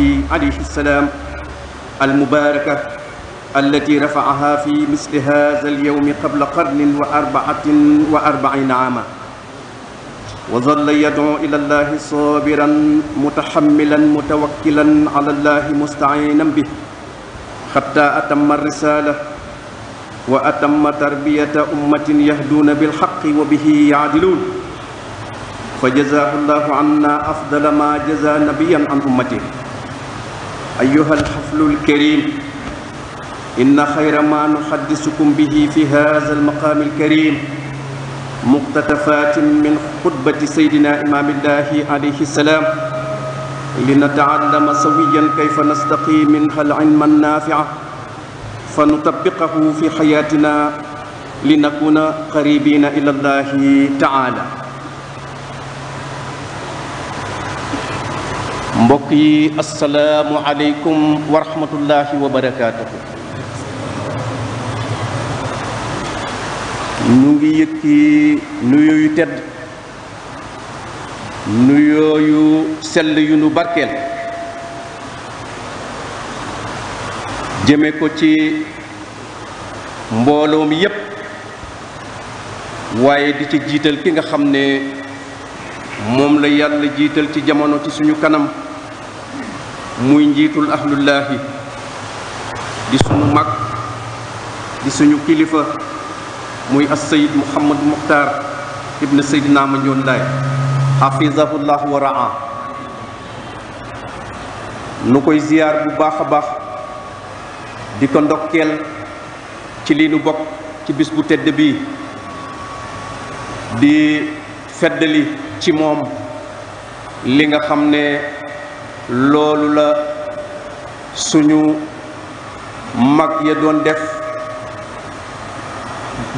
المهدي عليه السلام المباركة التي رفعها في مثل هذا اليوم قبل قرن وأربعة وأربعين عاما وظل يدعو إلى الله صابرا متحملا متوكلا على الله مستعينا به حتى أتم الرسالة وأتم تربية أمة يهدون بالحق وبه يعدلون فجزاه الله عنا أفضل ما جزى نبيا عن أمته أيها الحفل الكريم إن خير ما نحدثكم به في هذا المقام الكريم مقتطفات من خطبة سيدنا إمام الله عليه السلام لنتعلم سويا كيف نستقي منها العلم النافع فنطبقه في حياتنا لنكون قريبين إلى الله تعالى mbokk yi asalaamualeykum wa rahmatullahi wa barakaatuhu ñu ngi yëkki nuyu yu tedd nuyoo yu sell yu nu barkeel jëme ko ci mbooloom yépp waaye di ci jiital ki nga xam ne moom la yàlla jiital ci jamono ci suñu kanam muy njiitul ahlullaahi di suñu mag di suñu kilifa muy as sayid muhammad muxtaar ibn sayidina Mandione Laye xafizahullah wa raa nu koy ziyaar bu baax a baax di ko ndokkeel ci lii nu bokk ci bis bu tedd bi di feddali ci moom li nga xam ne loolu la suñu mag ya doon def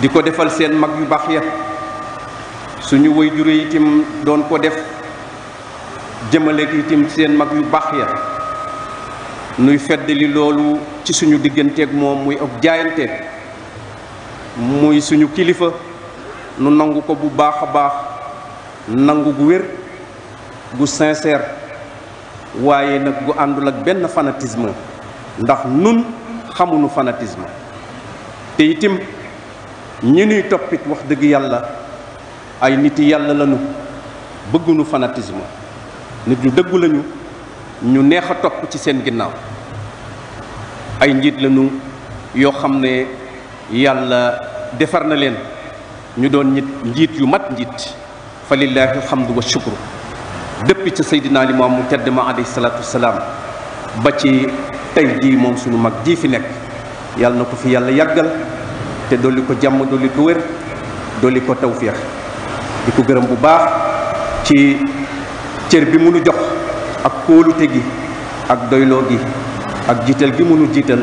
di ko defal seen mag yu baax ya suñu waajur yi itam doon ko def jëmale itam seen mag yu baax ya nuy feddali loolu ci suñu digganteeg moom muy ab jaayante muy suñu kilifa nu nangu ko bu baax a baax nangu gu wér gu sincère waaye nag gu àndul ak benn fanatisme ndax nun xamuñu fanatisme te itim ñi nuy toppit wax dëgg yàlla ay niti yàlla lañu bëgguñu fanatisme nit yu dëggu lañu ñu neex a topp ci seen ginnaaw ay njiit lañu yoo xam ne yàlla defar na leen ñu doon nit njiit yu mat njiit fa lillaahi alhamdu wa shukru dëpp ca Seydina Limaam mu tedd ma alayhi salaatu salaam ba ci tey di moom suñu mag jii fi nekk yàlla na ko fi yàlla yàggal te dolli ko jàmm dolli ko wér dolli ko tawféex di ko gërëm bu baax ci cër bi munu jox ak kóolute gi ak doyloo gi ak jiital gi munu jiital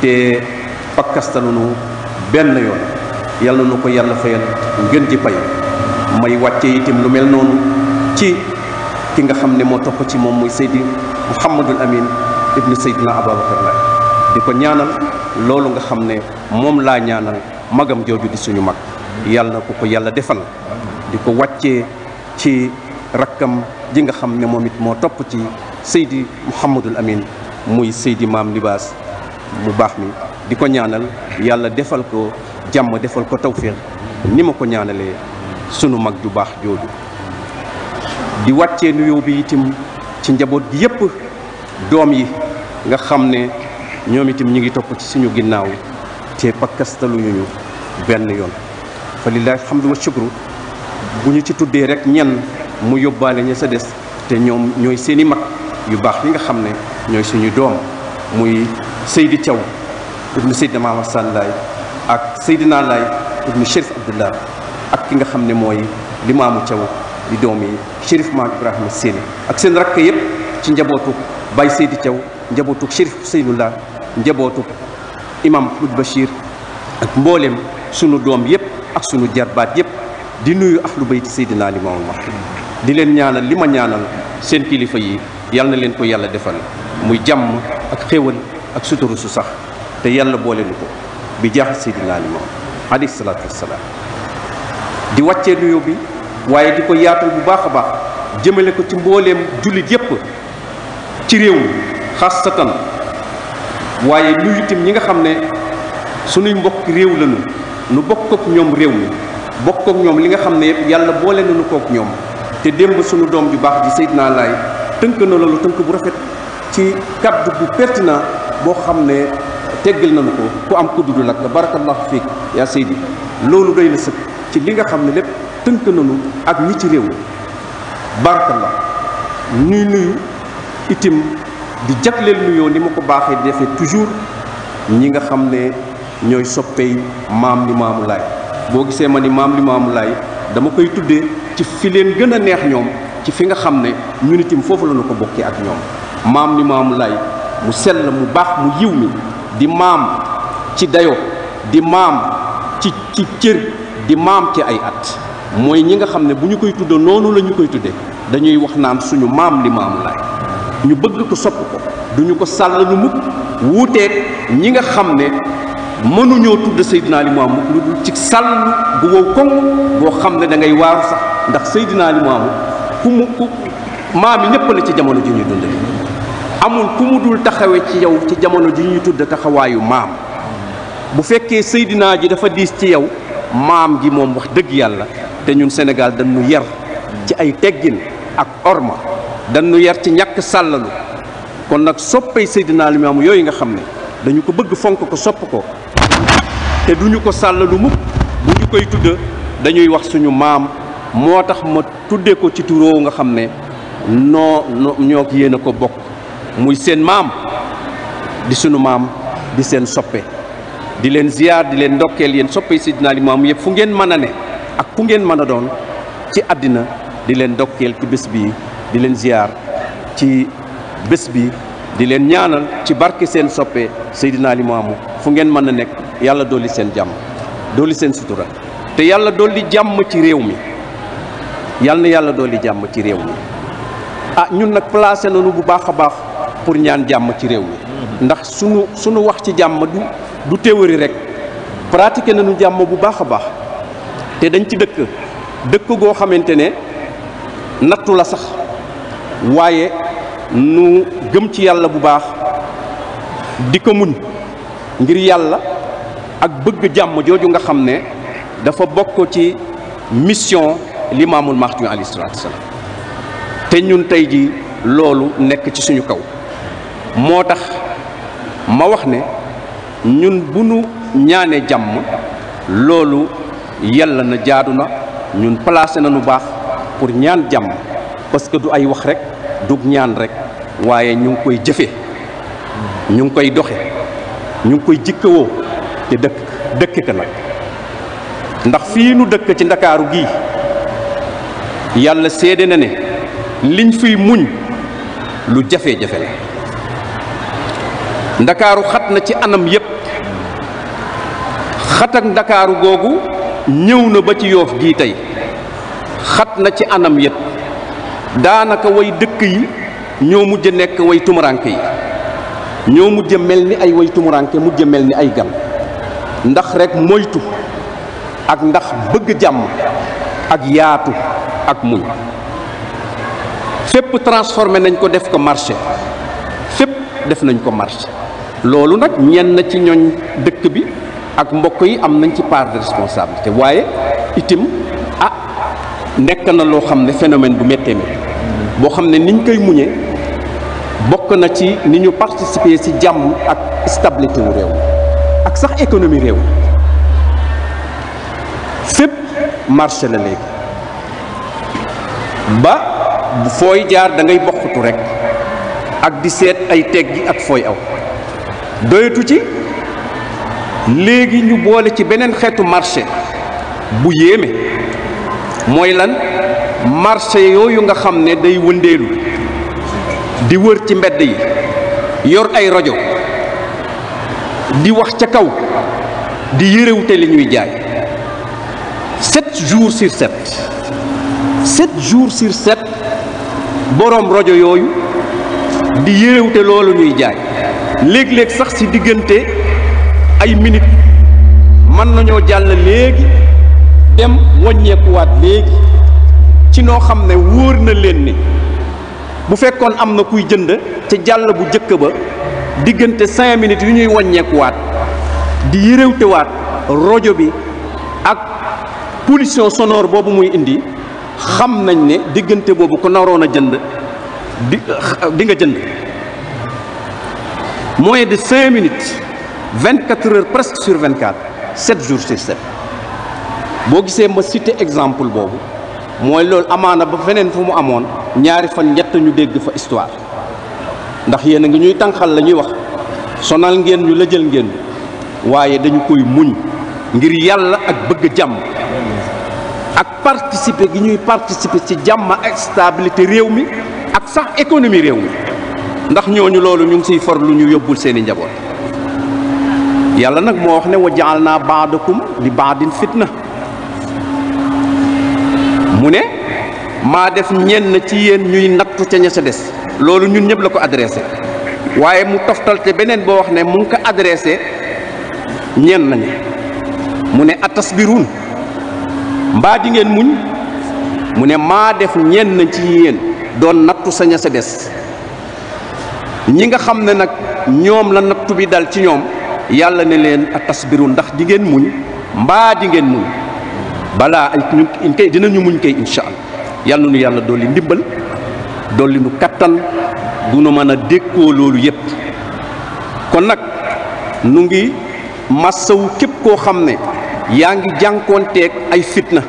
te pakkastanunu benn yoon yàlla na ko yàlla fayal ngeen ji pay may wàcce itam lu mel noonu ci ki nga xam ne moo topp ci moom muy Seydi Mouhamadul Amin ibnu Seydina Ababacar Laye di ko ñaanal loolu nga xam ne moom laa ñaanal magam jooju di suñu mag yàlla na ko ko yàlla defal di ko wàccee ci rakkam ji nga xam ne moom it moo topp ci Seydi Mouhamadul Amin muy Seydi Maam Libaas mu baax mi di ko ñaanal yàlla defal ko jàmm defal ko tawféex ni ma ko ñaanalee sunu mag ju baax jooju di wàccee nuyoo bi itam ci njaboot gi yépp doom yi nga xam ne ñoom itam ñu ngi topp ci suñu ginnaaw te pakkastaluñu ñu benn yoon fa lillahi alhamdu wa shukru bu ñu ci tuddee rek ñenn mu yóbbaale ña sa des te ñoom ñooy seeni mag yu baax yi nga xam ne ñooy suñu doom muy Seydi Thiaw ibnu Seydina Mahamad Sallaay ak Seydina Laay ibnu Chérif Abdullah ak ki nga xam ne mooy Limaamu Thiaw di doomi Chérif Maam Ibrahima ak seen rakk yëpp ci njabootu Baye Seydi Thiaw njabootu Chérif Seynullah njabootu imam Oud ak mboolem sunu doom yëpp ak sunu jarbaat yëpp di nuyu ahlu bayti Seydina Limaamu Mahdi di leen ñaanal li ma ñaanal seen kilifa yi yal na leen ko yàlla defal muy jàmm ak xéwal ak suturu su sax te yàlla boole nu ko bi jaax Seydina Limaamu alayhi salaatu wassalaam di wàccee nuyu bi waaye di ko yaatal bu baax a baax jëmale ko ci mbooleem jullit yépp ci réew mi xaasatan waaye nuyu itam ñi nga xam ne su suñuy mbokk réew lañu nu bokk ak ñoom réew mi bokk kook ñoom li nga xam ne yëpp yàlla boole nañu ko ak ñoom te démb sunu doom ju baax ji Seydina Laay tënk na loolu tënk bu rafet ci kàddu bu pertinent boo xam ne teggal nañu ko ku am ku dudd nag barakallahu fiik yaa Seydi loolu doy na sëkk ci li nga xam ne lépp tënk nañu ak ñi ci réew mi barakallah ñuy nuyu itim di jagleel nuyoo li ma ko baaxee di defee toujours ñi nga xam ne ñooy soppey maam li maamu laay boo gisee ma ni maam li maamu laay dama koy tuddee ci fi leen gën a neex ñoom ci fi nga xam ne ñun itim foofu la ñu ko bokkee ak ñoom maam li maamu laay sel sell mu baax mu yiw mi di maam ci dayo di maam ci ci cër di maam ci ay at mooy ñi nga xam ne bu ñu koy tudda noonu lañu koy tudde dañuy wax naan suñu maam li maam ñu bëgg ko sopp ko duñu ko sàll lu mukk wuuteeg ñi nga xam ne mënuñoo tudd Seydina Limaamu lu dul ci sàll boo xam ne da ngay waaru sax ndax Seydina Limaamu ku mu ñëpp la ci jamono ji ñuy dund amul ku mu dul taxawe ci yow ci jamono ji ñuy tudd taxawaayu maam bu fekkee Seydina ji dafa diis ci yow maam gi moom wax dëgg yàlla te ñun Sénégal dañu yar ci ay teggin ak orma dañu yar ci ñàkk sàllalu kon nag soppay Seydina Limaamu yooyu nga xam ne dañu ko bëgg fonk ko sopp ko te duñu ko sàllalu mukk bu ñu koy tudd dañuy wax suñu maam moo tax ma tuddee ko ci turoo nga xam ne noo ñoo yéen a ko bokk muy seen maam di suñu maam di seen soppe di leen ziyaar di leen ndokkeel yéen soppay Seydina Limaamu yëpp fu ngeen mën a ne ak ku ngeen mën a doon ci àddina di leen ndokkeel ci bés bi di leen ziyaar ci bés bi di leen ñaanal ci barke seen soppe Seydina Limaamu fu ngeen mën a nekk yàlla dolli seen jàmm dolli seen sutura te yàlla dolli jàmm ci réew mi yàlla na yàlla dolli jàmm ci réew mi ah ñun nag placé nañu bu baax a baax pour ñaan jàmm ci réew mi ndax sunu sunu wax ci jàmm du du théorie rek pratiqué nañu jàmm bu baax a baax te dañ ci dëkk dëkk goo xamante ne nattu la sax waaye nu gëm ci yàlla bu baax di ko muñ ngir yàlla ak bëgg jàmm jooju nga xam ne dafa bokk ci mission limaamul mahdi alayhi salaatu salaam te ñun tey ji loolu nekk ci suñu kaw moo tax ma wax ne ñun bu ñu ñaanee jàmm loolu yàlla na jaadu na ñun placé na nu baax pour ñaan jàmm parce que du ay wax rek du ñaan rek waaye ñu ngi koy jëfe ñu ngi koy doxe ñu ngi koy jikkawoo te dëkk dëkk ka nag ndax fii nu dëkk ci ndakaaru gii yàlla seede na ne liñ fiy muñ lu jafe-jafe la ndakaaru xat na ci anam yépp xat ak ndakaaru googu ñëw na ba ci yoof gii tey xat na ci anam yët daanaka woy dëkk yi ñoo mujj nekk way tumuranke yi ñoo mujj mel ni ay way tumuranke mujj mel ni ay gam ndax rekk moytu ak ndax bëgg jàmm ak yaatu ak muñ fépp transformé nañ ko def ko marché fépp def nañ ko marché loolu nag ñenn ci ñoñ dëkk bi ak mbokk yi am nañ ci part de responsabilité waaye itim ah nekk na loo xam ne phénomène bu méttee mi boo xam ne niñ koy muñe bokk na ci ni ñu participer si jàmm ak stabilité réew ak sax économie réew fépp marché la léegi ba fooy jaar da ngay bokkatu rek ak di seet ay teggi ak fooy aw doyatu ci léegi ñu boole ci beneen xeetu marché bu yéeme mooy lan marché yooyu nga xam ne day wëndeelu di wër ci mbedd yi yor ay rajo di wax ca kaw di yërewute li ñuy jaay sept jours sur sept jours sur sept boroom rajo yooyu di yërewute loolu ñuy jaay léeg-léeg sax ci diggante ay minute mën nañoo jàll léegi dem wàññeekuwaat léegi ci noo xam ne wóor na leen ni bu fekkoon am na kuy jënd ca jàll bu jëkk ba diggante cinq minutes yu ñuy wàññeekuwaat di yërëwtewaat rojo bi ak pollution sonor boobu muy indi xam nañ ne diggante boobu ko naroon a jënd di di jënd moins de cinq minutes 24 heures presque sur 24 7 jours sur 7 boo gisee ma cité exemple boobu mooy loolu amaana ba feneen fu mu amoon ñaari fan ñett ñu dégg fa histoire ndax yéen a ngi ñuy tànqal lañuy wax sonal ngeen ñu la jël ngeen waaye dañu koy muñ ngir yàlla ak bëgg jàmm ak participer gi ñuy participer ci jàmm ak stabilité réew mi ak sax économie réew mi ndax ñooñu loolu ñu ngi siy for lu ñu yóbbul seeni njaboot. yàlla nag moo wax ne wa jaal naa baadakum li baadin fitna mu ne maa def ñenn ci yéen ñuy nattu ca ña sa des loolu ñun ñëpp la ko adressé waaye mu toftal te beneen boo wax ne mu ngi ko adressé ñeen ñi mu ne atasbiruun mbaa di ngeen muñ mu ne maa def ñenn ci yéen doon nattu sa ña sa des ñi nga xam ne nag ñoom la nattu bi dal ci ñoom yàlla ne leen a tasbiru ndax di ngeen muñ mbaa di ngeen muñ balaa ñu dinañu muñ kay insha allah yàlla nu yàlla dolli ndimbal dolli nu kattan bu nu mën a dékkoo loolu yépp kon nag nu ngi massawu képp koo xam ne yaa ngi jànkoonteeg ay fitna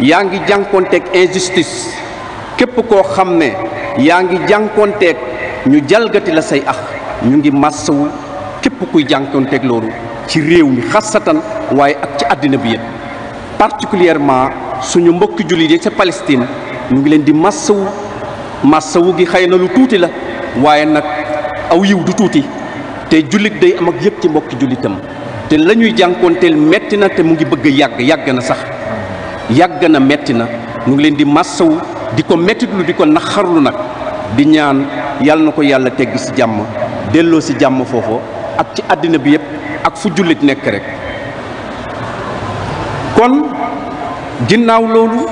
yaa ngi jànkoonteeg injustice képp koo xam ne yaa ngi jànkoonteeg ñu jalgati la say ax ñu ngi massawu képp kuy jànkoonteeg ci réew mi xasatan waaye ak ci àddina bi yëpp particulièrement suñu mbokki jullit yi ca Palestine mu ngi leen di massawu massawu gi xëy na lu tuuti la waaye nag aw yiw du tuuti te jullit day am ak yëpp ci mbokki jullitam te la ñuy jànkoonteel metti na te mu ngi bëgg a yàgg yàgg na sax yàgg na metti na mu ngi leen di massawu di ko mettitlu di ko naxarlu nag di ñaan yàlla na ko yàlla tegg ci jàmm delloo si jàmm foofu ak ci àddina bi yépp ak fu jullit nekk rek kon ginnaaw loolu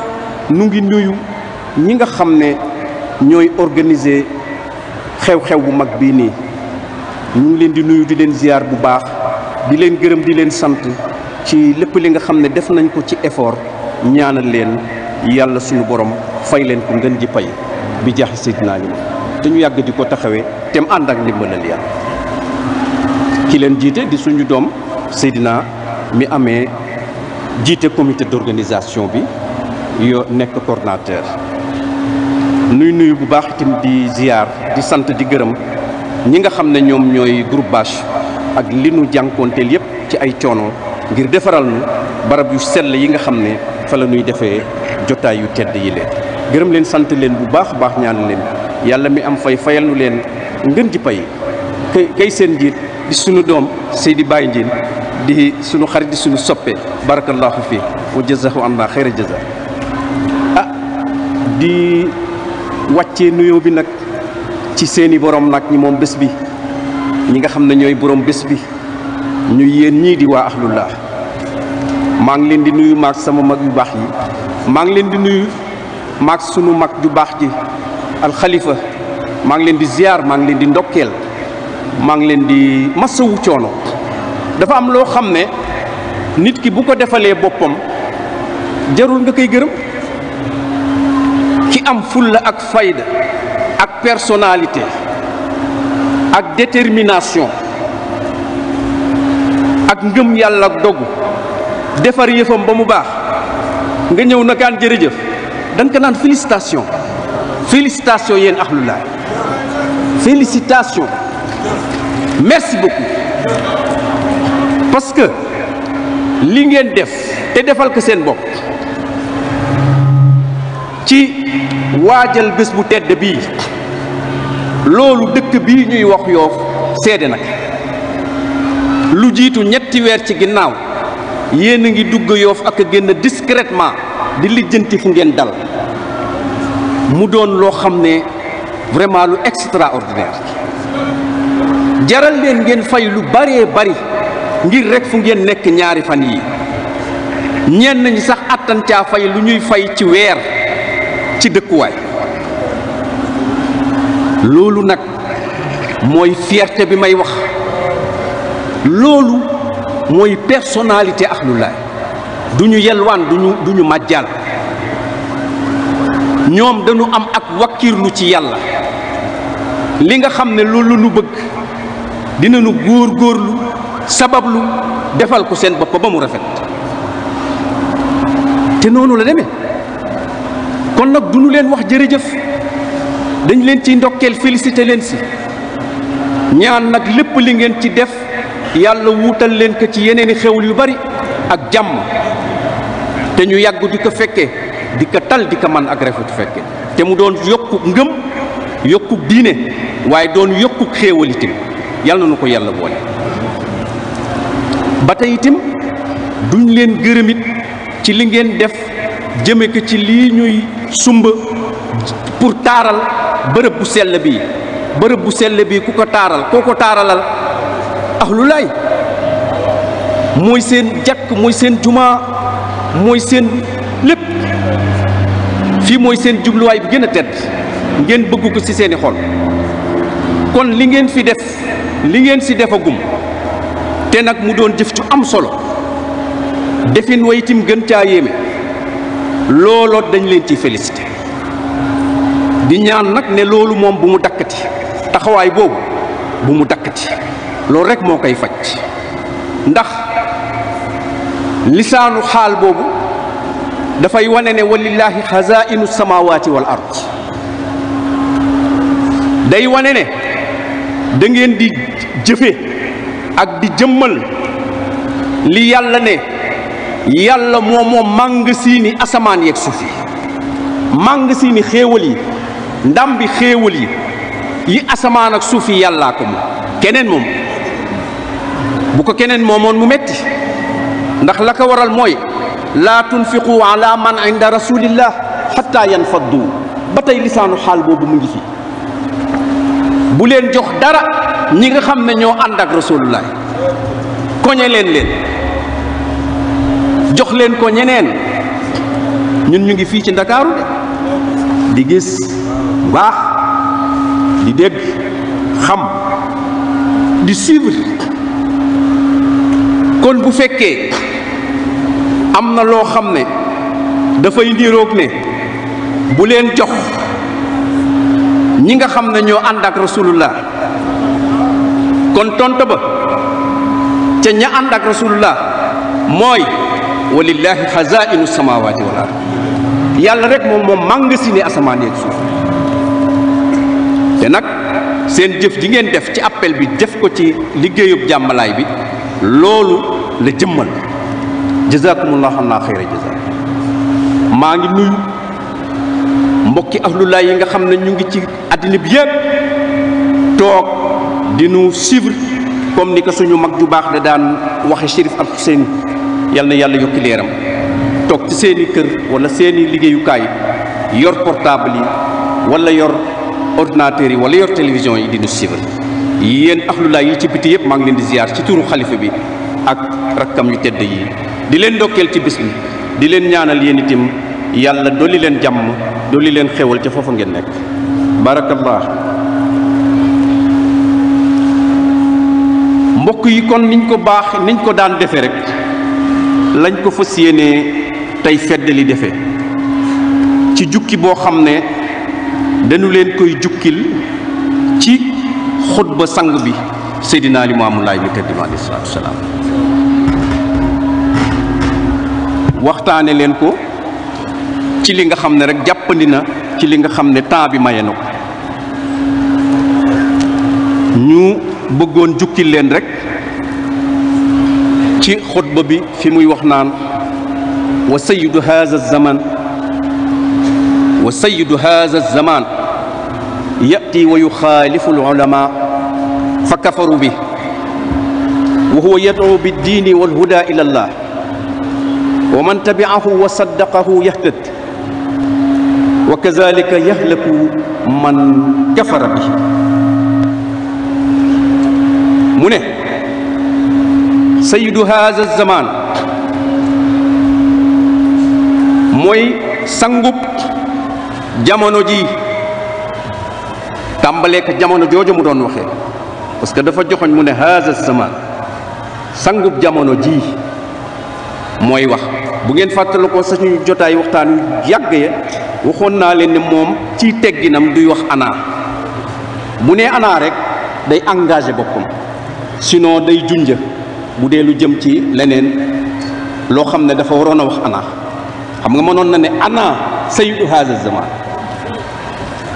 nu ngi nuyu ñi nga xam ne ñooy organiser xew-xew bu mag bii nii ñu ngi leen di nuyu di leen ziar bu baax di leen gërëm di leen sant ci lépp li nga xam ne def nañ ko ci effort ñaanal leen yàlla suñu borom fay leen ko ngeen ji pay bi jaaxi sédd naa ñu ma te ñu yàgg di ko taxawee te mu ànd ak ndimbalal yàlla ki leen jiite di suñu doom Seydina mi amee jiite comité d'organisation bi yoo nekk coordonnateur nuy nuyu bu baax itam di ziar di sant di gërëm ñi nga xam ne ñoom ñooy groupe bache ak li nu jànkoonteel yépp ci ay coono ngir defaral nu barab yu sell yi nga xam ne fa la nuy defee jotaay yu tedd yi leen gërëm leen sant leen bu baax baax ñaan leen yàlla mi am fay fayal nu leen ngën ji pay kay seen njiit di sunu doom Seydi Baye Ndiène di suñu xarit di soppee soppe barakallahu fi wa jazahu anna xayra jaza ah di wàcce nuyoo bi nag ci seeni boroom nag ñi moom bés bi ñi nga xam ne ñooy borom bés bi ñu yéen ñii di waa ahlullah maa ngi leen di nuyu maag sama mag yu baax maa ngi leen di nuyu maag sunu mag ju baax ji alxalifa maa ngi leen di ziar maa ngi leen di ndokkeel maa ngi leen di masawu coono dafa am loo xam ne nit ki bu ko defalee boppam jarul nga koy gërëm ki am fulla ak fayda ak personnalité ak détermination ak ngëm yàlla ak dogu defar yëfam ba mu baax nga ñëw na kaan jërëjëf dañ ko naan félicitation félicitation yéen axlulaay félicitation merci beaucoup parce que li ngeen def te defal ko seen bopp ci waajal bés bu tedd bii loolu dëkk bii ñuy wax yoof seede nag lu jiitu ñetti weer ci ginnaaw yéen a ngi dugg yoof ak a génn discrètement di lijjanti fu ngeen dal mu doon loo xam ne vraiment lu extraordinaire jaral leen ngeen fay lu baree bari ngir rek fu ngeen nekk ñaari fan yi ñenn ñi sax attan caa fay lu ñuy fay ci weer ci dëkkuwaay loolu nag mooy fierté bi may wax loolu mooy personnalité ahlullah du yelwaan duñu du ñu ñoom dañu am ak wakkirlu ci yàlla li nga xam ne loolu nu bëgg dinañu góor góorlu sabablu defal ko seen bopp ba mu rafet te noonu la demee kon nag du ñu leen wax jërëjëf dañ leen ci ndokkeel félicité leen si ñaan nag lépp li ngeen ci def yàlla wuutal leen ko ci yeneeni xewul yu bari ak jàmm te ñu yàgg di ko fekke di ko tal di ko man ak rafet fekke te mu doon yokkuk ngëm yokkuk diine waaye doon yokkuk xéewalitim yàlla na ko yàlla boole ba tey itam duñ leen gërëmit ci li ngeen def jëme ko ci lii ñuy sumba pour taaral bërëb bu sell bii bërëb bu sell bi ku ko taaral koo ko taaralal ahlu laay mooy seen jàkk mooy seen jumaa mooy seen lépp fii mooy seen jubluwaay bi gën a tedd ngeen bëgg ko ci seeni xol kon li ngeen fi def li ngeen si defagum te nag mu doon jëf ju am solo defin wa itam gën caa yéeme looloo dañ leen ci félicité di ñaan nag ne loolu moom bu mu dakkati taxawaay boobu bu mu dakkati loolu rek moo koy faj ndax lisaanu xaal boobu dafay wane ne walillaahi xazaa'inu samaawaati wal ard day wane ne da di jëfe ak di jëmmal li yàlla ne yàlla moo moom màng asamaan yeeg suuf yi màng siini xéewal yi ndam bi xéewal yi yi asamaan ak suufi yi yàllaa ko moom keneen moom bu ko keneen moomoon mu metti ndax la ko waral mooy laa tunfiqu ala man inda rasulillah xatta yanfaddu ba tey lisaanu xaal boobu mu ngi fi bu leen jox dara ñi nga xam ne ñoo ànd ak rasulullah koñe leen leen jox leen ko ñeneen ñun ñu ngi fii ci ndakaaru di gis baax di dégg xam di suivre kon bu fekkee am na loo xam ne dafay ndiiroog ne bu leen jox ñi nga xam na ñoo ànd ak rasulullah kon tontu ba ca ña ànd ak rasulullah mooy walillahi xazainu samawati wal ard yàlla rek moom moom màngasi ne asamaan yeeg suuf te nag seen jëf ji ngeen def ci appel bi def ko ci liggéeyub jàmbalaay bi loolu la jëmmal jazakumullahu anna xayra jaza maa ngi nuyu mbokki ahlulaay yi nga xam ne ñu ngi ci àddina bi yépp toog di nu suivre comme ni ko suñu mag ju baax da daan waxe Chérif Al Housseyni yal na yàlla yokki leeram toog ci seeni kër wala seeni liggéeyukaay yor portable yi wala yor ordinateur yi wala yor télévision yi di nu suivre yéen axlulaay yi ci biti yépp maa ngi leen di ziar ci turu xalifa bi ak rakkam yu tedd yi di leen ndokkeel ci bis bi di leen ñaanal yéen itam yàlla dooli leen jàmm dolli leen xewal ca foofa ngeen nekk barakallah mbokk yi kon niñ ko baax niñ ko daan defe rek lañ ko fas yéenee tey fedd li defe ci jukki boo xam ne dañu leen koy jukkil ci xutba sang bi Seydina Limaamu Laay mu tedd ma alayhi salaatu wasalaam waxtaane leen ko ci li nga xam ne rek jàppandi na ci li nga xam ne temps bi maye na ko ñu bëggoon jukkil leen rek ci xutba bi fi muy wax naan wa sayidu haza zaman wa sayidu haza zaman yati wa yuxaalifu alulama fa kafaru bi wa huwa yadcu biddiini walhuda ila allah wa man tabicahu wa saddaqahu yahtad wa kazalika yahlaku man kafara bi sayyidu haza zaman mooy sangub jamono ji tàmbalee ko jamono jooju mu doon waxee parce que dafa joxoñ mu ne haza zaman sangub jamono jii mooy wax bu ngeen fàttala ko suñu jotaay waxtaan wi yàgg ya waxoon naa leen ne moom ci tegginam duy wax ana mu ne ana rek day engage boppam sinon day junja bu dee lu jëm ci leneen loo xam ne dafa waroon a wax ana xam nga mënoon na ne ana sayyidu haza zaman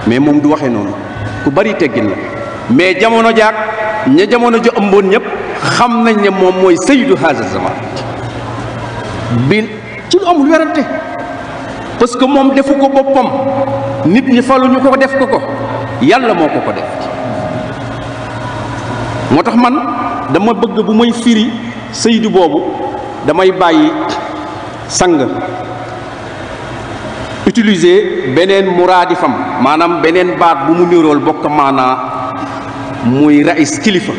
mais moom du waxee noonu ku bari teggin la mais jamono jaak ña jamono jo ëmboon ñëpp xam nañ ne moom mooy sayyidu haza zaman bi ci lu amul werante parce que moom defu ko boppam nit ñi faluñu ko def ko ko yàlla moo ko ko def moo tax man dama bëgg bu may firi sëydu boobu damay bàyyi sang utiliser beneen muraadifam maanaam beneen baat bu mu nirool bokk maanaa muy rais kilifa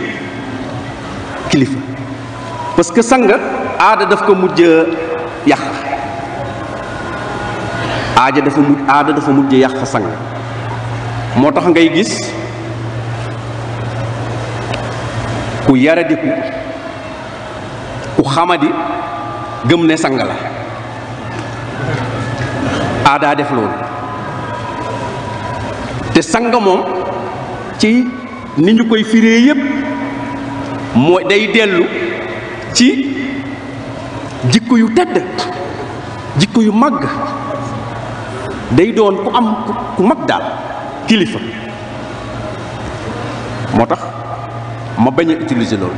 kilifa parce que sang aada daf ko mujj yàq aaja dafa mujj aada dafa mujj yàq sang moo tax ngay gis ku yaradiku ku xamadi gëm ne sang la aadaa def loolu te sang moom ci ni ñu koy firee yépp moo day dellu ci jikko yu tedd jikko yu màgg day doon ku am ku mag daal kilifa moo tax ma bañ a utilise loolu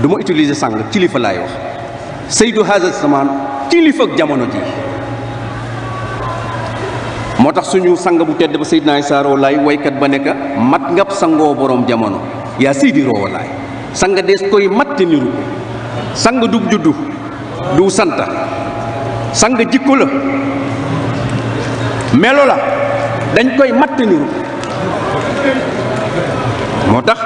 duma utilise utiliser sàng kilifa laay wax saydu haza zaman kilifa ak jamono ji moo tax suñu sang bu tedd ba Seydina Isa Rouhou Laye woykat ba nekk mat ngab sangoo boroom jamono yaa Seydi Rouhou Laye sang dees koy mat niru sang du juddu du santa sang jikko la melo la dañ koy mat niru moo tax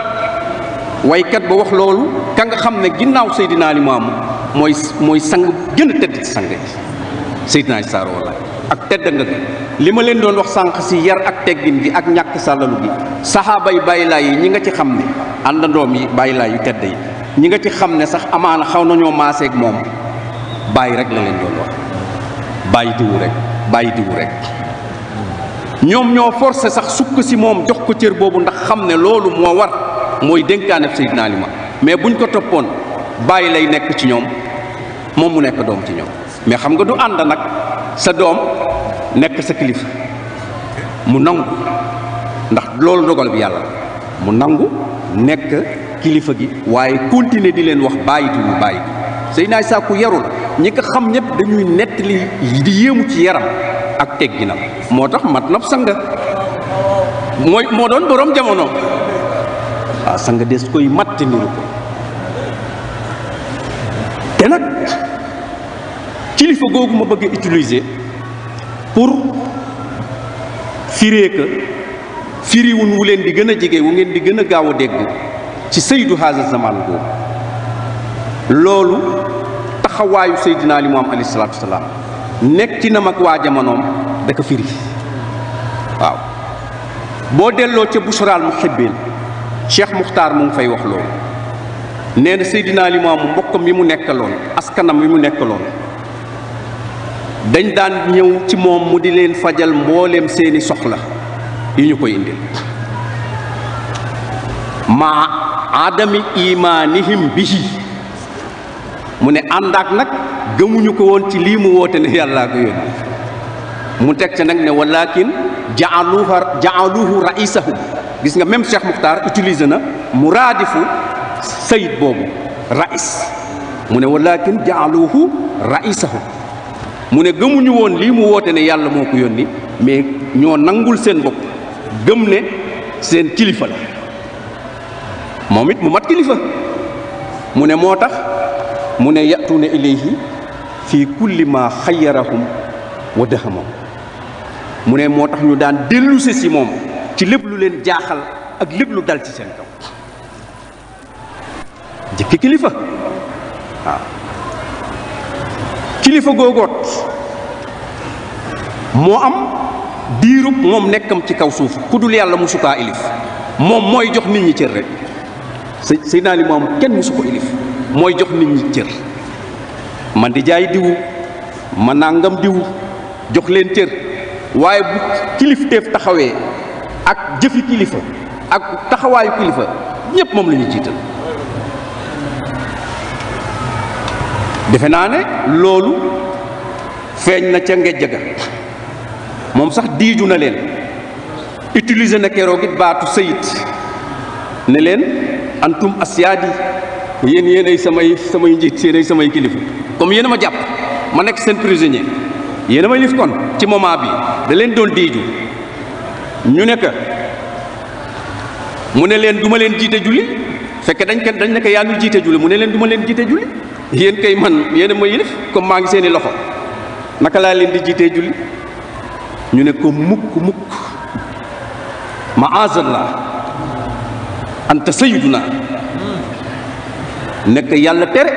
waykat ba wax loolu ka nga xam ne ginnaaw Seydina Limaamu mooy mooy sang gën a tedd ci sang yi Seydina Issa Rouhou Laye ak tedd nga gi li ma leen doon wax sànq si yar ak teggin bi ak ñàkk sàllalu gi saxaaba yi bàyyi yi ñi nga ci xam ne àndandoom yi bàyyi laay yu tedd yi ñi nga ci xam ne sax amaana xaw nañoo maaseeg moom bàyyi rek la leen doon wax bàyyi diwu rek bàyyi diwu rek ñoom ñoo forcé sax sukk si moom jox ko cër boobu ndax xam ne loolu mooy dénkaane Seydina Alima mais buñ ko toppoon bàyyi lay nekk ci ñoom moom mu nekk doom ci ñoom mais xam nga du ànd nag sa doom nekk sa kilifa mu nangu ndax loolu dogal bi yàlla mu nangu nekk kilifa gi waaye continuer di leen wax bàyyi du ñu bàyyi Seydina ku yarul ñi ko xam ñëpp dañuy nettali di yéemu ci yaram ak tegginam moo tax mat nab sang mooy moo doon borom jamono. waaw sang des koy matt niru ko te nag kilifa googu ma bëgg a pour firee ka firiwun wu leen di gën a jege wu ngeen di gën a gaaw a dégg ci saydu haasa zaman googu loolu taxawaayu seydinaa li mu am alayhi salaatu wasalaam nekkinam ak waa jamonoom da ko firi waaw boo delloo ca busraal mu xebbeen Cheikh Muxtaar mu ngi fay wax loolu nee na Seydina Limaamu mbokkam mi mu nekkaloon askanam mi mu nekkaloon dañ daan ñëw ci moom mu di leen fajal mbooleem seeni soxla yi ñu koy indil ma adami imaanihim bihi mu ne ànd nag gëmuñu ko woon ci lii mu woote ne yàllaa ko mu teg ca nag ne walakin jaaluha jaaluhu raisahum gis nga même Cheikh Muxtaar utilisé na muraadifu sayid boobu rais mu ne walakin jaaluhu raisahu mu ne gëmuñu woon lii mu woote ne yàlla moo ko yónni mais ñoo nangul seen bopp gëm ne seen kilifa la moom it mu mat kilifa mu ne moo tax mu ne yattuuna ilayhi fii kulli ma xayyarahum wa dahamam mu ne moo tax ñu daan dellu si si moom ci lépp lu leen jaaxal ak lépp lu dal ci seen kaw jëkki kilifa kilifa googoot moo am diiru moom nekkam ci kaw suuf ku dul yàlla musu ilif moom mooy jox nit ñi cër rek Seydina Limaamu kenn musu ko ilif mooy jox nit ñi cër man di jaay diwu ma nangam diw jox leen cër waaye bu kilifteef taxawee ak jëfi kilifa ak taxawaayu kilifa ñëpp moom lañuy ñu jiital defe naa ne loolu feeñ na ca ngejj ga moom sax diiju na leen utiliser na keroog it baatu sëyit ne leen antum asiyaadi yéen yéen ay samay samay njiit yéen ay samay kilifa comme yéen a ma jàpp ma nekk seen prisonnier yéen a ma yilif kon ci moment bi da leen doon diiju ñu ne mu ne leen du ma leen jiite julli fekk dañ ko dañ ne ko yaa ngi jiite julli mu ne leen du leen jiite julli yéen kay man yéen ma yilif comme maa ngi seeni loxo naka laa leen di jiitee julli ñu ne ko mukk mukk maazallah anta sayyiduna nekk yàlla tere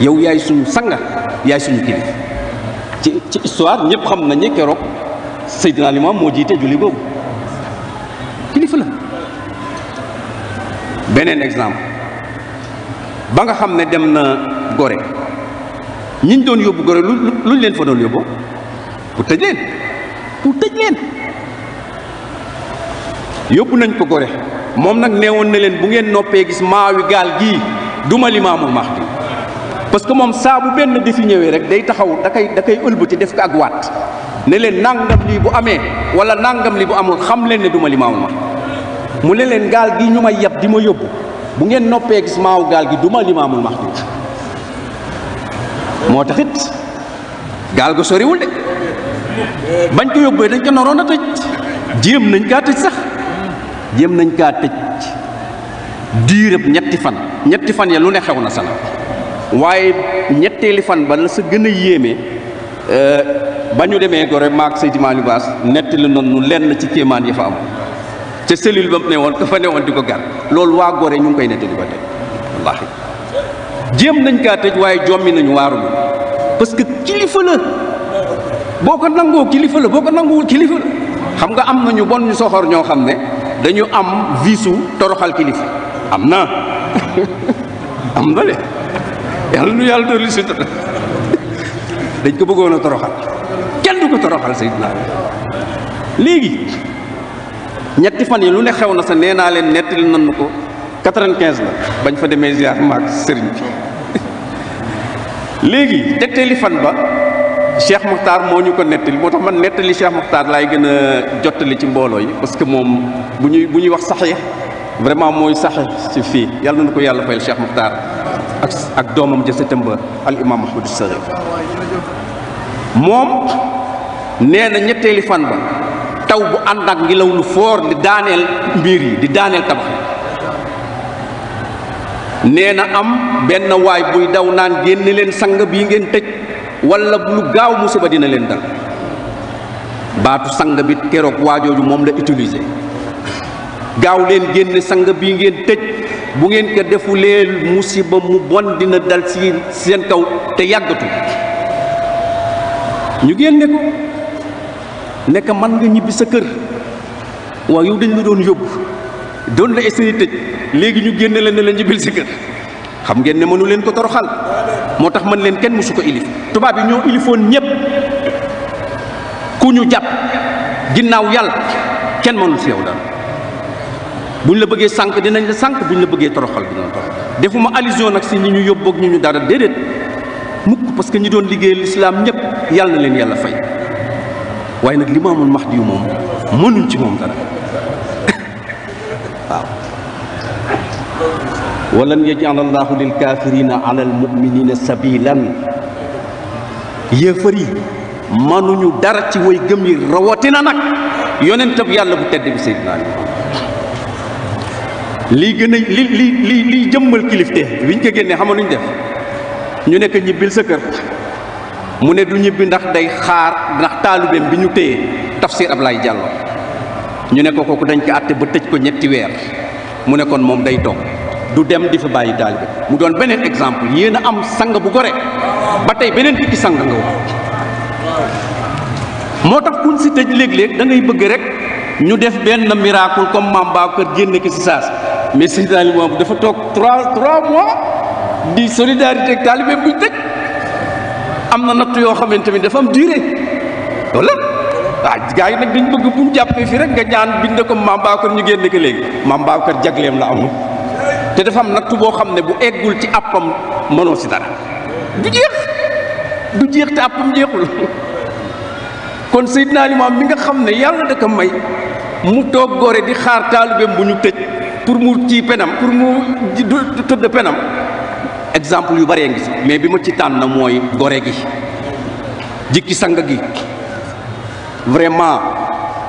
yow yaay suñu sanga yaay suñu kilif ci ci histoire ñëpp xam nañu keroog Seydina Limam moo jiite julli boobu kilifa la beneen exemple ba nga xam ne dem na Gorée ñiñ doon yóbbu Gorée lu luñ leen fa doon yóbbu pour tëj leen pour tëj leen yóbbu nañ ko gore moom nag neewoon na leen bu ngeen noppee gis maawi gaal gii duma Limaamul Mahdi parce que moom saa bu benn defi ñëwee rek day taxaw da kay ëlbati def ko ak waat ne leen nangam lii bu amee wala nangam lii bu amul xam leen ne du ma mu ne leen gaal gi ñu may yab di ma yóbbu bu ngeen noppee gis maaw gaal gi duma ma limaamul mahdi moo taxit gaal ga soriwul de bañ ko yóbbee dañ ko naroon a tëj jéem nañ kaa tëj sax jéem nañ kaa tëj diirëb ñetti fan ñetti fan ya lu ne xew na sana waaye ñetteeli fan ba la sa gën a yéeme euh, ba ñu demee gore maak Seydi Malick Bass nettali nañu lenn ci kéemaan yi fa am ca cellule ba mu ne woon ka fa ne di ko gar loolu waa gore ñu ngi koy nettali ba tey jéem nañ kaa tëj waaye jommi nañu waaru parce que kilifa la boo ko nangoo kilifa la boo ko nanguwul kilifa xam nga am na ñu bon ñu soxor ñoo xam ne dañu am visu toroxal kilifa am na am na de yàlla nu yàlla dolli sutura dañ ko bëggoon a toroxal ko toroxal Seydina léegi ñetti fan yi lu ne xew na sa nee naa leen nettali nan ko 95 la bañ fa demee ziar maag sëriñ bi léegi tegtali fan ba Cheikh Mokhtar moo ñu ko nettali moo tax man nettali Cheikh Mokhtar laay gën a jottali ci mbooloo yi parce que moom bu ñuy bu ñuy wax saxee vraiment mooy saxe ci fii yàlla na nu ko yàlla fayal Cheikh Mokhtar ak ak doomam jësetam ba al imam Mahmoud Sarif moom nee na ñetteeli fan ba taw bu ànd ak ngelaw lu foor di daaneel mbir yi di daaneel tabax yi nee na am benn waay buy daw naan génn leen sang bi ngeen tëj wala lu gaaw musiba dina leen dal baatu sang bi keroog waajooju moom la utiliser gaaw leen génn sang bi ngeen tëj bu ngeen ko defulee musiba mu bon dina dal ci seen kaw te yàggatu ñu génne ko nekk man nga ñibbi sa kër waaw yow dañ la doon yóbbu doon la essayé tëj léegi ñu génne la ne la ñibbil sa kër xam ngeen ne mënu leen ko toroxal moo tax man leen kenn mu mësu ko ilif tubaab yi ñoo ilifoon ñëpp ku ñu jàpp ginnaaw yàlla kenn mënul si yow daal buñ la bëggee sànq dinañ la sànq buñ la bëggee toroxal dinañ toroxal defuma allusion nag si ñi ñu yóbboog ñu ñu dara déedéet mukk parce que ñi doon liggéeyal lislaam ñëpp yàlla na leen yàlla fay waaye nag limaamul max yu moom mënuñ ci moom dara waaw walan yajal allahu lil kaafirina ala al muminina sabilan yéefar yi mënuñu dara ci way gëm yi rawatina nag yonentab yàlla bu tedd bi seydinaa lii gën a li li li jëmmal kilifte biñ ko génnee xama nuñ def ñu nekk ñibbil sa kër mu ne du ñibbi ndax day xaar ndax taalubeem bi ñu téye tafsir Ablaye Diallo ñu ne ko ko ku dañ ko àtte ba tëj ko ñetti weer mu ne kon moom day toog du dem di fa bàyyi taalibe mu doon beneen exemple yéen a am sang bu gore ba tey beneen tukki sang nga wax moo tax kuñ si tëj léeg-léeg da ngay bëgg rek ñu def benn miracle comme maam baa kër génne ki si saas mais si taalibe moom dafa toog trois trois tëj am na natt yoo xamante ni dafa am durée wala waaw gars yi nag dañ bëgg bu ñu jàppee fii rek nga ñaan bind ko Mame Babacar ñu génn ko léegi Mame jagleem la amul te dafa am natt boo xam ne bu eggul ci àppam mënoo si dara du jeex du jeex te àppam jeexul kon Seydina Limaamu mi nga xam ne yàlla da ko may mu toog góore di xaar taalibeem bu ñu tëj pour mu ci penam pour mu tëdd penam exemple yu bëree ngi si mais bi ma ci tànn mooy gore gi jikki sang gi vraiment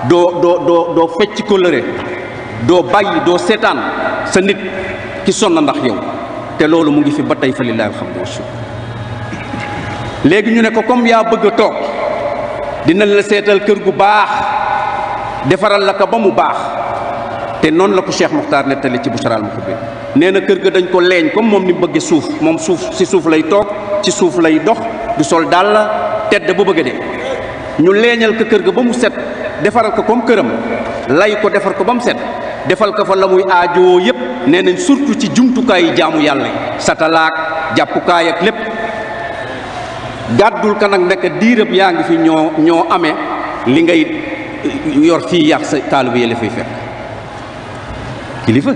doo doo doo doo fecc kóllëre doo bàyyi doo seetaan sa nit ki sonn ndax yow te loolu mu ngi fi ba tey fa lillahi alhamdu léegi ñu ne ko comme yaa bëgg a toog dina la seetal kër gu baax defaral la ko ba mu baax te noonu la ko Cheikh Mokhtar nettali ci Busraal Muxbir nee na kër ga dañ ko leeñ comme moom ni mu bëggee suuf moom suuf si suuf lay toog ci suuf lay dox du sol dàll tedd bu bëgg a dee ñu leeñal ko kër gi ba mu set defaral ko comme këram lay ko defar ko ba mu set defal ko fa la muy aajoo yépp nee nañ surtout ci jumtukaayu yi jaamu yàlla satalaak jàppukaay ak lépp gàddul ka nag nekk diirëb yaa ngi fi ñoo ñoo amee li ngay yor fii yàq sa taalibe yi la fekk kilifa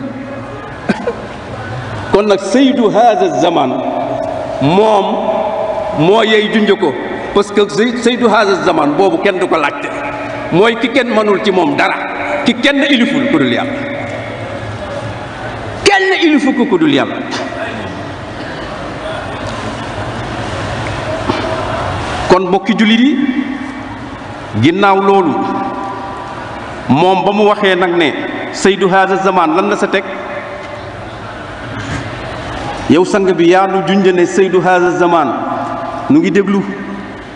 kon nag saydu haza zaman moom moo yey junj ko parce que saydu haza zaman boobu kenn du ko laajte mooy ki kenn mënul ci moom dara ki kenn iliful ku dul yàlla kenn ilifu ko ku dul yàlla kon mbokki jullit yi ginnaaw loolu moom ba mu waxee nag ne saydu haza zaman lan la sa teg yow sang bi yaa nu junj ne saydu haza nu ngi déglu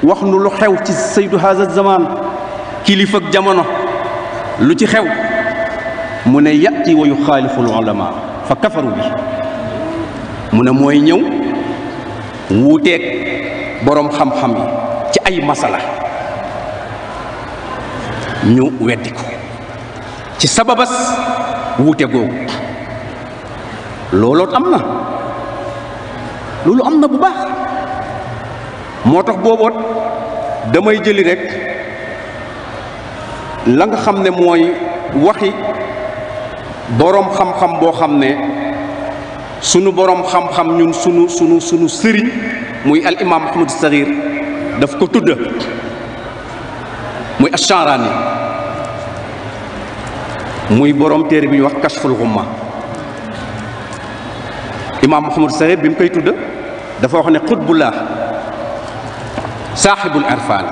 wax nu lu xew ci saydu haza zaman kilifa jamono lu ci xew mu ne yàqi wa yu xaaliful ulama fa kafaru bi mu ne mooy ñëw wuuteeg boroom xam-xam yi ci ay masala ñu weddi ci sababas wuute googu looloot am na loolu am na bu baax moo tax booboot damay jëli rekk la nga xam ne mooy waxi boroom xam-xam boo xam ne sunu boroom xam-xam ñun sunu sunu sunu sëriñ muy al imaam Saxiir daf ko tudd muy Asharaani muy borom téere bi ñu wax kashful xumma imaam Mouhamadou Saxiir bi mu koy tudd dafa wax ne xutbullah saaxibul arfaan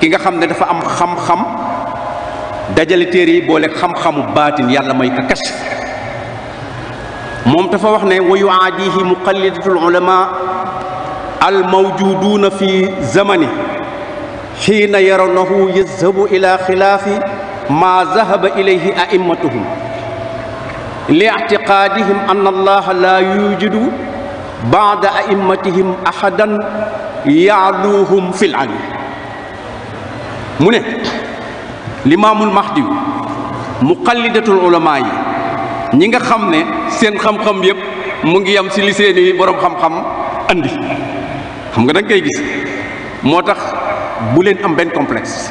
ki nga xam ne dafa am xam-xam dajale téere yi boole xam-xamu baatin yàlla may ka kashf moom dafa wax ne wa yuaadihi muqallidatul ulama al mawjuduuna fi zamani xiina yaronahu yazhabu ila xilaafi maa zahaba ilayhi a'immatuhum li i'tiqaadihim anna allaha laa yujidu baada a'immatihim ahadan yaaluuhum fil ali mu ne limaamul mahdi muqallidatul ulamaa yi ñi nga xam ne seen xam-xam yépp mu ngi yam ci li seeni boroom xam-xam andi xam nga da koy gis moo tax bu leen am benn complexe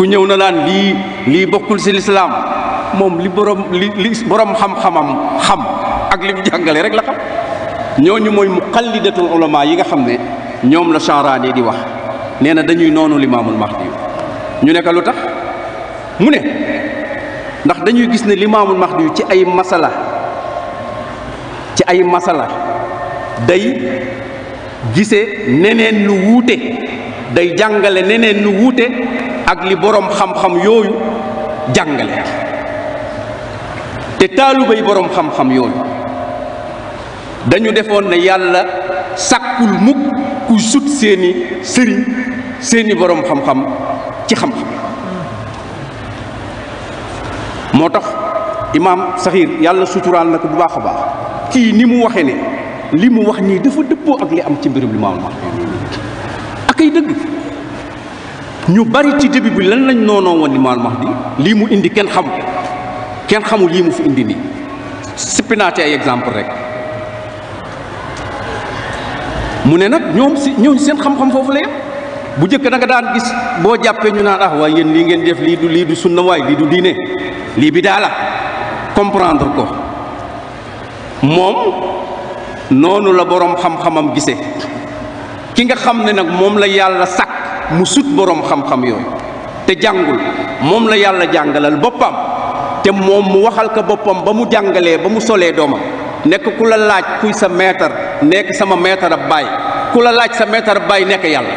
ku ñëw na laan lii lii bokkul ci lislaam moom li borom li li borom xam-xamam xam ak li mu jàngale rek la xam ñooñu mooy muqallidatul ulama yi nga xam ne ñoom la Sha'rani di wax nee na dañuy noonu limaamul mahdi ñu ne ko mu ne ndax dañuy gis ne limaamul mahdi ci ay masala ci ay masala day gisee neneen lu wuute day jàngale neneen lu wuute ak li boroom xam-xam yooyu jàngale te taalubay boroom xam-xam yooyu dañu defoon ne yàlla sàkkul mukk ku sut seeni sëriñ seeni boroom xam-xam ci xam-xam moo tax imaam saxiir yàlla suturaal na ko bu baax a baax kii ni mu waxee ne li mu wax nii dafa dëppoo ak li am ci mbirum Limaamul Mahdi ak ay dëgg ñu bari ci début bi lan lañ noonoo woon Imaam Mahdi lii mu indi kenn xamul kenn xamul lii mu fi indi nii sippi naa ci ay exemple rek mu ne nag ñoom si ñooñu seen xam-xam foofu la yem bu njëkk da nga daan gis boo jàppee ñu naan ah waaye yéen lii ngeen def lii du lii du sunna waay lii du diine lii bi daala comprendre ko moom noonu la boroom xam-xamam gisee ki nga xam ne nag moom la yàlla sàkk mu sut boroom xam-xam yooyu te jàngul moom la yàlla jàngalal boppam te moom mu waxal ko boppam ba mu jàngalee ba mu solee doomam nekk ku la laaj kuy sa maître nekk sama meetar ab baay ku la laaj sa maître ab baay nekk yàlla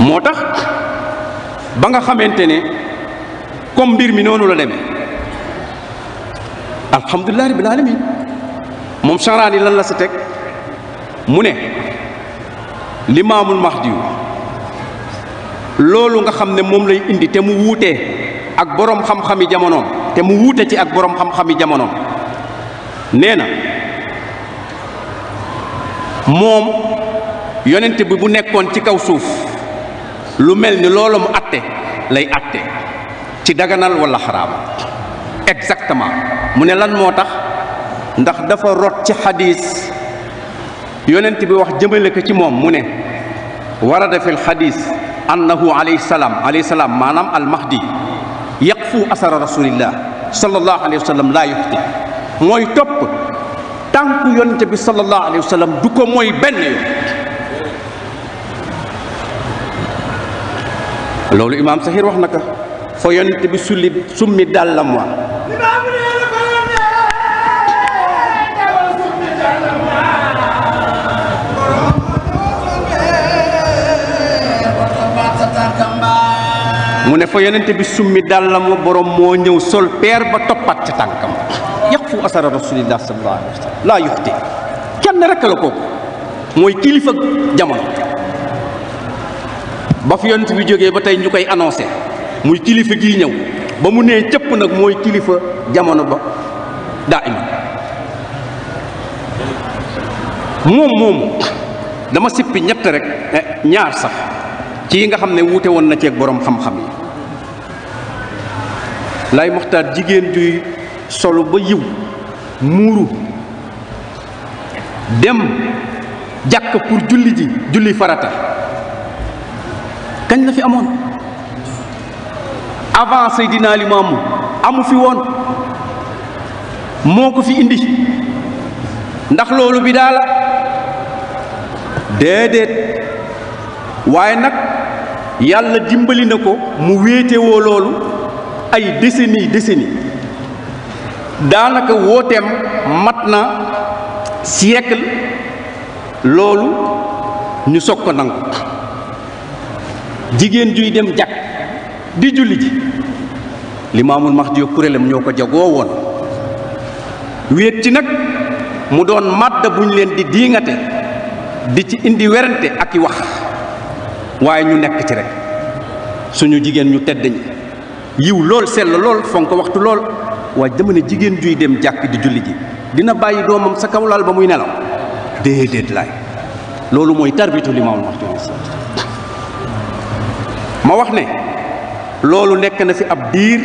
moo tax ba nga xamante ne comme mbir mi noonu la demee alhamdulilah rabbil alamin moom charaani lan la sa teg mu ne limaamul mahdiyu loolu nga xam ne moom lay indi te mu wuute ak boroom xam-xami jamonoom te mu wuute ci ak boroom xam-xami jamonoom nee na moom yonent bi bu nekkoon ci kaw suuf lu mel ni loola mu àtte lay àtte ci daganal walla xaraam exactement mu ne lan moo tax ndax dafa rot ci xadiis yonent bi wax jëmale ko ci moom mu ne warada fi lxadis annahu alayhi salaam aley salaam maanaam almahdi yaqfu asara rasulillah sallallahu alayhi wa sallam laa yuxti mooy topp tànku yonent bi sallallahu alayhi wa du ko mooy benn yoon loolu imaam Saxiir wax na ko fa yonent bi sulli summi dàllam wa mu ne fa yonente bi summi dàllam boroom moo ñëw sol peer ba toppat ca tànkam yaqfu asara rasulillah sallallahu alayhi wa sallam laa yuxti kenn rek la kooku mooy kilifa jamono ba fi jógee ba tey ñu koy annoncé muy kilifa gii ñëw ba mu nee cëpp nag mooy kilifa jamono ba daa ima moom moomu dama sippi ñett rek eh, ñaar sax ci yi nga xam ne wuute woon na ceeg boroom xam-xam yi lay moxtaar jigéen juy solo ba yiw muuru dem jàkk pour julli ji julli farata kañ la fi amoon avant Seydina mu amu fi woon moo ko fi indi ndax loolu bi daala déedéet waaye nag yàlla dimbali na ko mu wéete loolu ay décennies décennies daanaka wooteem mat na siècle loolu ñu soog ko nangu jigéen juy dem jàkk di julli ji limaamul max jo kuréelam ñoo ko jagoo woon wéet ci nag mu doon màdda buñ leen di diingate di ci indi werante ak i wax waaye ñu nekk ci rekk suñu jigéen ñu tedd ñi yiw lool sell lool fonk waxtu lool waa dama jigéen juy dem jàkk di julli ji dina bàyyi doomam sa kaw laal ba muy nelaw déedéet laay loolu mooy tarbitu limaamul wax ne loolu nekk na fi ab diir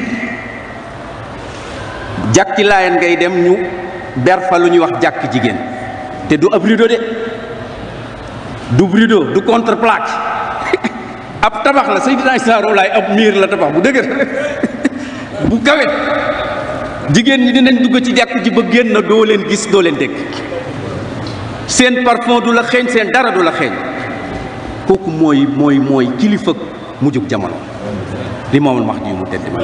jàkki laayeen ngay dem ñu berfa lu ñuy wax jàkk jigéen te du ab rideau de du rideau du contreplaqué tabax la Seydina Isa Rouhou Laye ab miir la tabax bu dëgër bu kawet jigéen ñi dinañ dugg ci jàkk ji ba génn na doo leen gis doo leen dégg seen parfum du la xeeñ seen dara du la xeeñ kooku mooy mooy mooy kilifa mujjug jamono li moomul max ji mu tedd ma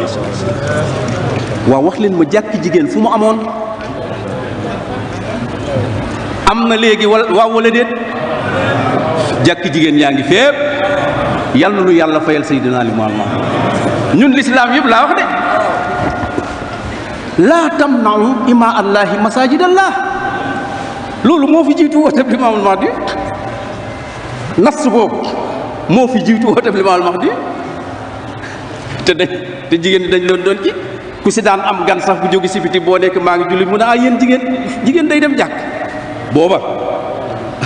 waaw wax leen ma jàkk jigéen fu mu amoon am na léegi wala waaw wala déet jàkk jigéen yaa ngi fépp yal na lu yàlla fayal Seydina Limaamu ñun lislaam yëpp laa wax de laa tamnau ima allahi masajid loolu moo fi jiitu wooteeb Limaamul Mahdi nas boobu moo fi jiitu wooteeb Limaamul Mahdi te dañ te jigéen ñi dañ loon doon ci ku si daan am gan sax bu jóge si biti boo nekk maa ngi julli mu ne ah yéen jigéen jigéen day dem jàkk booba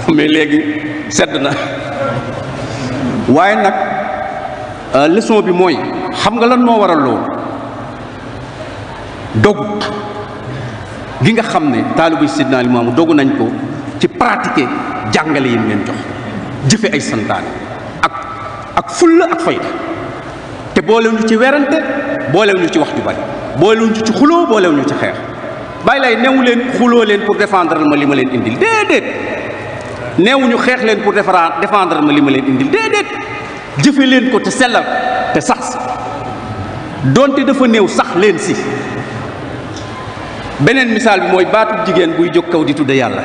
mais léegi sedd na waaye nag euh, leçon bi mooy xam nga lan moo waral loolu dogu gi nga xam ne taalibu Seydina Limaamu dogu nañ ko ci pratiquer jàngale yim leen jox jëfe ay santaane ak ak fulla ak fay te boolewuñu ci werante boolewuñu ci wax ju bari boolewuñu ci xuloo boolewuñu ci xeex bàyyi lay newu leen xuloo leen pour défendre ma li ma leen indil déedéet neewuñu xeex leen pour defaraan défendre ma li ma leen indil déedéet jëfe leen ko te sellal te sax donte dafa néew sax leen si beneen misaal bi mooy baatu jigéen buy jóg kaw di tudde yàlla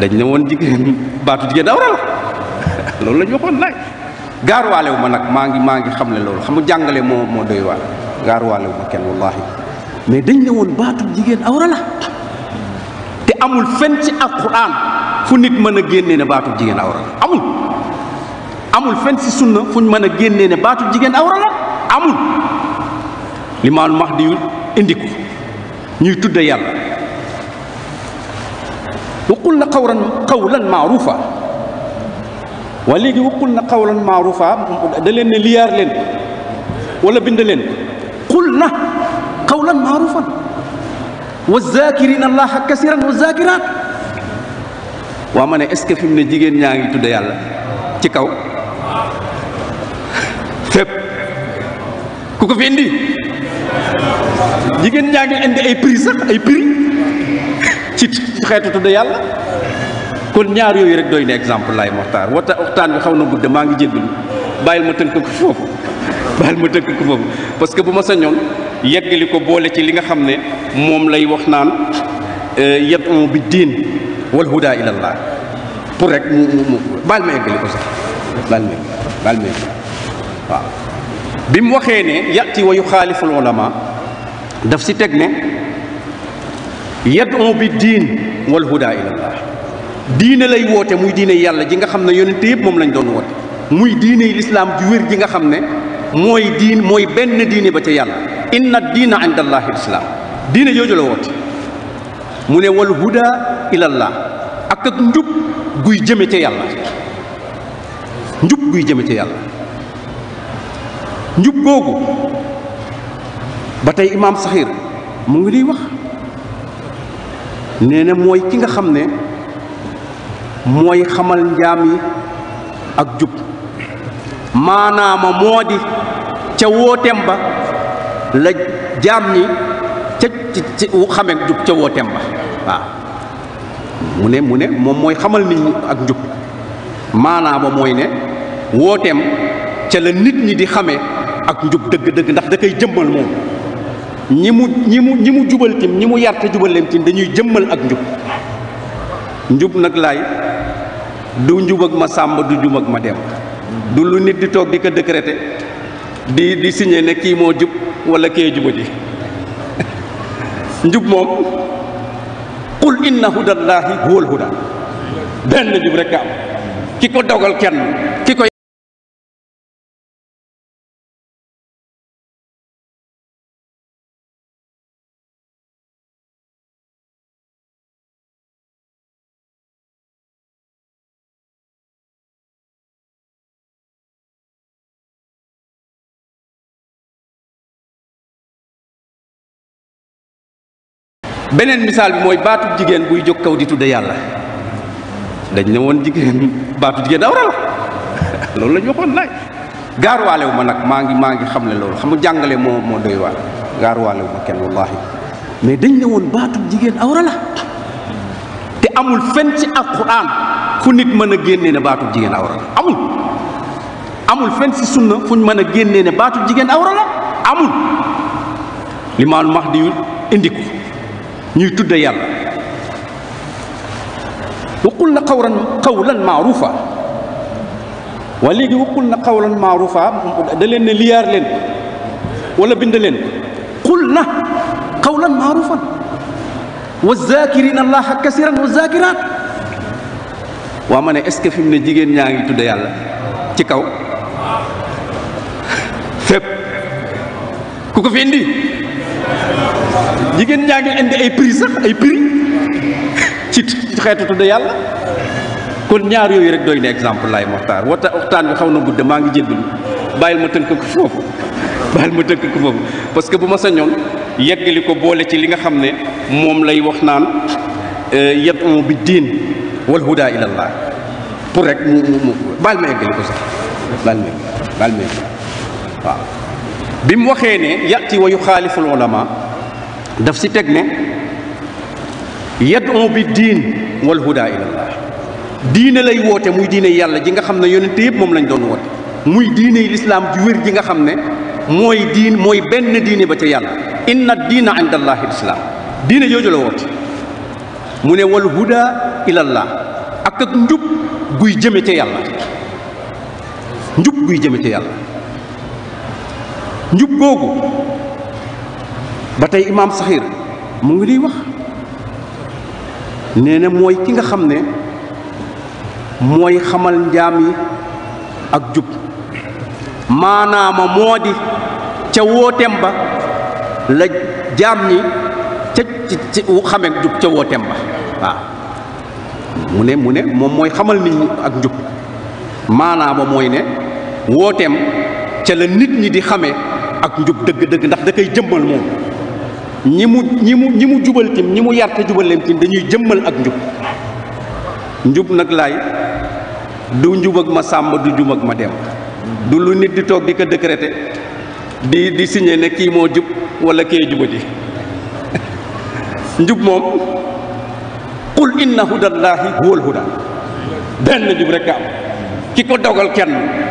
dañ ne woon jigéen baatu jigéen awra la loolu la ñu waxoon laaj gaaruwaale wu ma nag maa ngi maa ngi xam ne loolu xam nga jàngale moo moo doy waar gaaruwaale wu ma kenn wallaahi mais dañ ne woon baatu jigéen awra la te amul fenn ci alquran fu nit mën a génnee ne baatul jigéen awra la amul amul fenn si sunna fuñ mën a génnee ne baatub jigéen awra amul limaanu max yu indi ko ñuy tudde yàlla waqul na qawlan qawlan maarufa waa léegi waqul na qawlan maarufa da leen ne liyaar leen wala bind leen qul na qawlan maarufan wa zaakirina allaha kasiran wa zaakiraat waa ma ne est-ce que fi mu ne jigéen ñaa ngi tudde yàlla ci kaw fépp ku ko fi indi jigéen ñaa ngi indi ay prix sax ay prix ci xeetu tudde yàlla kon ñaar yooyu rek doy na exemple laay moxtaar wata waxtaan bi xaw na gudd maa ngi jéggalu bàyyil ma tënk ko foofu bàyyil ma tënk ko foofu parce que bu ma sañoon yeggali ko boole ci li nga xam ne moom lay wax naan euh, yet on bi diin wal huda ilallah pour rek mu mu baal ma eggali ko sax baal ma eggali waaw bi mu waxee ne yati wa yuxaaliful ulama daf si teg ne yadu bi diin wal huda ilallah diine lay woote muy diine yàlla ji nga xam ne yonente yëpp moom lañ doon woote muy diine yi lislaam ju wér ji nga xam ne mooy diin mooy benn diine ba ca yàlla inna diina inda allahi lislaam diine jooju la woote mu ne wal huda la ak ak njub guy jëme ca yàlla njub guy jëme ca yàlla njub googu ba tey imaam saxiir mu ngi liy wax nee na mooy ki nga xam ne mooy xamal njaam yi ak jub maanaama moo di ca wooteem ba la jaam ñi ca xamee jub ca wooteem ba waaw mu ne mu ne moom mooy xamal nit ñi ak njub maanaam mooy ne wooteem ca la nit ñi di xame ak njub dëgg-dëgg ndax da koy jëmmal moom ñi mu ñi mu ñi mu jubal tim ñi mu yar te jubal leen tim dañuy jëmmal ak njub njub nag lay du njub ma sàmb du jub ma dem du lu nit di toog di ko décréter di di signé ne kii moo jub wala kee juba ji njub moom qul inna hudallahi huwal huda benn jub rek am ki ko dogal kenn beneen misaal bi mooy baatu jigéen buy jóg kaw di tudde yàlla dañ ne woon jigéen baatu jigéen awra la loolu la ñu ma nag maa ngi maa ngi xam ne loolu xam nga jàngale moo moo doy waar gaaruwaale wu ma kenn wallahi mais dañ ne woon jigéen awra la amul fenn ci alquran ku nit mën a génnee ne baatu jigéen awra la amul amul fenn ci mën a génnee ne baatu jigéen awra la amul limaanu Mahdi yu indi ko ñuy tudd yàlla waqul na qawlan qawlan maarufa waaye léegi waqul na qawlan maarufa da leen ne liyaar leen wala bind leen qul na qawlan maarufan wa zaakiriina allaha kasiran wa zaakiraat waa ma ne est fi mu ne jigéen ñaa ngi tudde yàlla ci kaw fépp ku ko fi indi jigéen ñaa ngi indi ay prix sax ay prix ci xeetu tudd yàlla kon ñaar yooyu rek doy na exemple laay Moxtaar wata waxtaan bi xaw na gudd maa ngi jéggalu bàyyil ma tënk ko foofu bàyyil ma tënk ko foofu parce que bu ma sañoon yeggali ko boole ci li nga xam ne moom lay wax naan euh, yadu bi diin wal huda ilallah pour rek mu mu baal ma eggali ko sax baal ma baal ma waaw bi mu waxee ne yati wa yu xaaliful ulama daf si teg ne yadu bi diin wal huda ilallah diine lay woote muy diine yàlla ji nga xam ne yonente yëpp moom lañ doon woote muy diine yi lislaam ju wér ji nga xam ne mooy diin mooy benn diine ba ca yàlla inna diina inda allahi lislaam diine jooju la woote mu ne wal huda ilallah ak ak njub guy jëme ca yàlla njub guy jëme ca yàlla njub googu ba tey imaam saxiir mu ngi liy wax nee na mooy ki nga xam ne mooy xamal njaam yi ak jub maanaama moo di ca wooteem ba la jaam ñi ca ci xame jub ca wooteem ba waaw mu ne mu ne moom mooy xamal nit ñi ak njub maanaama mooy ne wooteem ca la nit ñi di xame ak njub dëgg-dëgg ndax da koy jëmmal moom ñi mu ñi mu ñi mu jubal tim ñi mu yar te jubal dañuy jëmmal ak njub njub nag lay du njub ma sàmba du njub ma dem du lu nit di toog di ko décréter di di signé ne kii moo jub wala kee ji njub moom qul inna hudallaahi huwal huda benn jub rek am ki ko dogal kenn